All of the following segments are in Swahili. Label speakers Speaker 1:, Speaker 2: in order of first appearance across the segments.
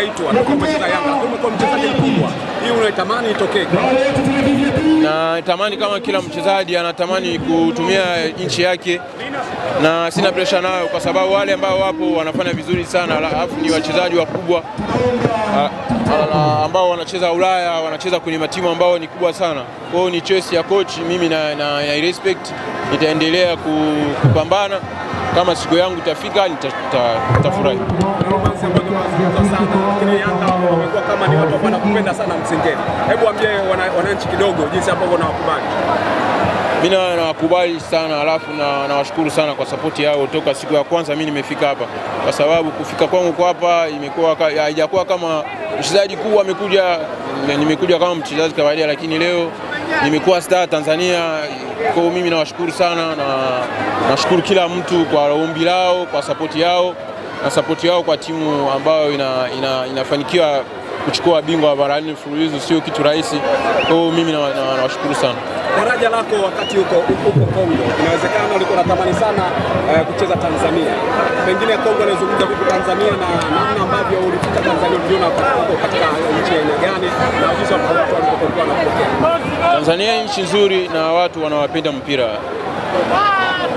Speaker 1: hujaitwa na kucheza Yanga, umekuwa mchezaji mkubwa, hii unaitamani itokee?
Speaker 2: Na tamani kama kila mchezaji anatamani kutumia nchi yake, na sina presha nayo, kwa sababu wale ambao wapo wanafanya vizuri sana, alafu ni wachezaji wakubwa ah, ambao wanacheza Ulaya, wanacheza kwenye matimu ambao ni kubwa sana. kwao ni choice ya coach, mimi na, na, na respect, nitaendelea kupambana kama siku yangu itafika nitafurahi lakini Yanga wamekuwa kama ni watu ambao wanakupenda sana Hebu ambie wananchi kidogo jinsi ambavyo Mimi nawakubali sana alafu na nawashukuru sana kwa sapoti yao toka siku ya kwanza mimi nimefika hapa, kwa sababu kufika kwangu kwa hapa imekuwa haijakuwa kama mchezaji kuu amekuja, nimekuja kama mchezaji kawaida, lakini leo nimekuwa star Tanzania. Kwa mimi nawashukuru sana na nashukuru kila mtu kwa ombi lao, kwa sapoti yao na sapoti yao kwa timu ambayo ina, ina, inafanikiwa kuchukua bingwa mara nne mfululizo sio kitu rahisi. Kwa hiyo mimi nawashukuru na, na sana. Daraja lako wakati huko huko Kongo, inawezekana ulikuwa unatamani sana uh, kucheza Tanzania, pengine Kongo inazungumza vipi Tanzania na namna ambavyo ulifika Tanzania, uliona katika nchi ya gani na jinsi watu walipokuwa wanapokea Tanzania. Nchi nzuri na watu wanawapenda mpira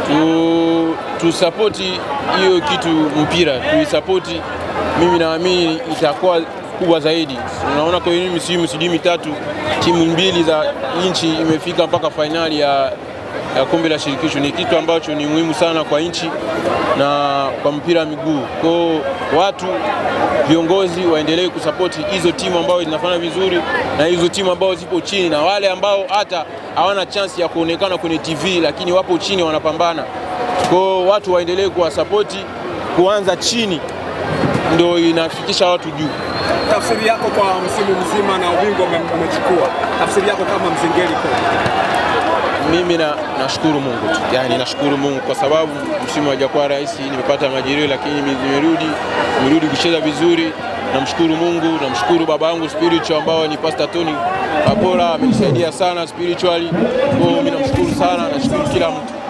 Speaker 2: tu tusapoti hiyo kitu mpira tuisapoti, mimi naamini itakuwa kubwa zaidi. Unaona, kwa hii msimu sijui mitatu timu mbili za nchi imefika mpaka fainali ya, ya kombe la shirikisho. Ni kitu ambacho ni muhimu sana kwa nchi na kwa mpira wa miguu. Kwa watu viongozi waendelee kusapoti hizo timu ambazo zinafanya vizuri na hizo timu ambazo zipo chini na wale ambao hata hawana chansi ya kuonekana kwenye TV lakini wapo chini wanapambana. Kwao watu waendelee kuwasapoti, kuanza chini ndio inafikisha watu juu. Tafsiri yako kwa msimu mzima na ubingwa umechukua, tafsiri yako kama kwa Mimi na nashukuru Mungu tu, yani nashukuru Mungu kwa sababu msimu jakwa rahisi, nimepata majeruhi lakini nimerudi, nimerudi kucheza vizuri. Namshukuru Mungu, namshukuru baba yangu spiritual ambao ni Pastor Tony Apola, amenisaidia sana spiritually. Kwa hiyo mimi namshukuru sana, nashukuru kila mtu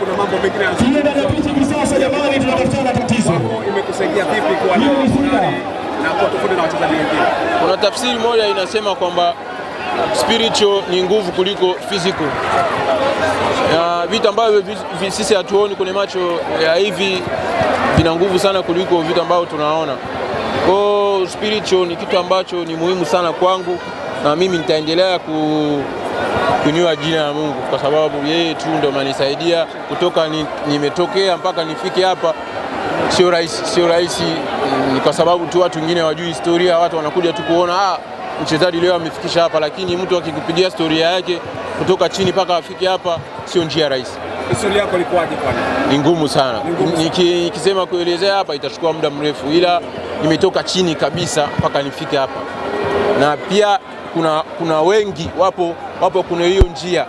Speaker 2: kuna mambo mengine Jamani, tunatafuta tatizo, imekusaidia vipi kwa na tofauti na wachezaji wengine? Kuna tafsiri moja inasema kwamba spiritual ni nguvu kuliko physical, na vitu ambavyo sisi hatuoni kwenye macho ya hivi vina nguvu sana kuliko vitu ambavyo tunaona kwao hicho spiritual ni kitu ambacho ni muhimu sana kwangu, na mimi nitaendelea ku kuinua jina la Mungu kwa sababu yeye tu ndo manisaidia kutoka nimetokea ni mpaka nifike hapa. Sio rahisi, sio rahisi ni mm, kwa sababu tu watu wengine hawajui historia. Watu wanakuja tu kuona ah, mchezaji leo amefikisha hapa, lakini mtu akikupigia historia yake kutoka chini mpaka afike hapa sio njia rahisi. Historia yako ilikuwaje? Kwani ni ngumu sana, nikisema kuelezea hapa itachukua muda mrefu, ila nimetoka chini kabisa mpaka nifike hapa, na pia kuna, kuna wengi wapo, wapo kuna hiyo njia,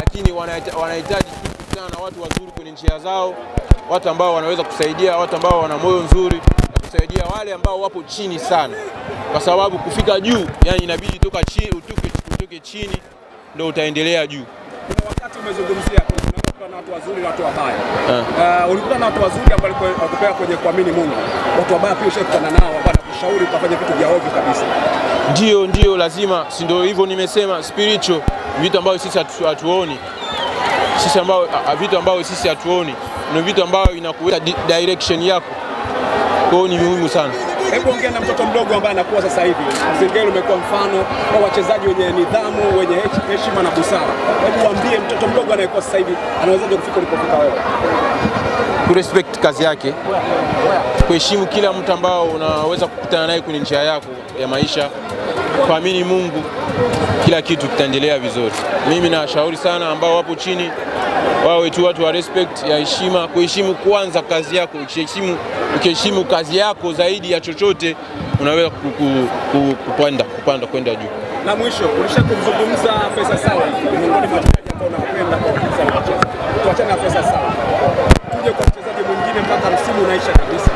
Speaker 2: lakini wanahitaji kukutana na watu wazuri kwenye njia zao, watu ambao wanaweza kusaidia, watu ambao wana moyo nzuri na kusaidia wale ambao wapo chini sana, kwa sababu kufika juu yani inabidi toka chini, utoke chini ndio utaendelea juu. Kuna wakati umezungumzia ulikuwa na watu wazuri na watu wabaya. Uh, eh. eh, ulikuwa na watu wazuri ambao walikupea kwenye kuamini Mungu. Watu wabaya pia ushakutana nao ambao wanakushauri ukafanya vitu vya ovyo kabisa. Ndio, ndio, lazima, si ndio hivyo nimesema spiritual vitu ambavyo sisi hatuoni. Sisi ambao vitu ambavyo sisi hatuoni ni vitu ambavyo inakuweka direction yako. Kwa hiyo ni muhimu sana. Hebu ongea na mtoto mdogo ambaye anakuwa sasa hivi. Mzengeli umekuwa mfano kwa wachezaji wenye nidhamu, wenye heshima na busara. Hebu waambie mtoto mdogo anayekuwa sasa hivi anawezaje kufika ulipofika wewe? Kurespect kazi yake, kuheshimu kila mtu ambao unaweza kukutana naye kwenye njia yako ya maisha kuamini Mungu, kila kitu kitaendelea vizuri. Mimi nawashauri sana ambao wapo chini wawe tu watu wa respect ya heshima, kuheshimu kwanza kazi yako. Ukiheshimu kazi yako zaidi ya chochote unaweza kupanda kupanda kwenda juu. Na mwisho ulisha kumzungumza Pesa Sawa, miongoni mwa wachezaji ambao napenda kwa mchezo, tuachane na Pesa Sawa, tuje kwa mchezaji mwingine mpaka msimu unaisha kabisa.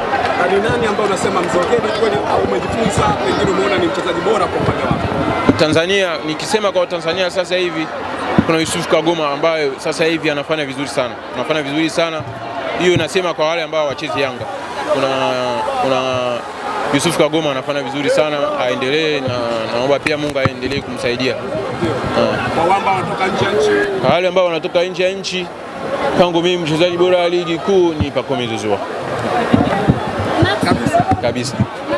Speaker 2: Ni nani ambao unasema mzogeni kweli au umejifunza pengine mchezaji bora kwa upande wako? Tanzania, nikisema kwa Tanzania sasa hivi kuna Yusuf Kagoma ambaye sasa hivi anafanya vizuri sana, anafanya vizuri sana. Hiyo inasema kwa wale ambao wachezi Yanga, kuna kuna Yusuf Kagoma anafanya vizuri sana, aendelee na naomba pia Mungu aendelee kumsaidia. Ah. Kwa wale ambao wanatoka nje ya nchi, kwangu mimi mchezaji bora wa ligi kuu ni Pacome Zouzoua kabisa kabisa.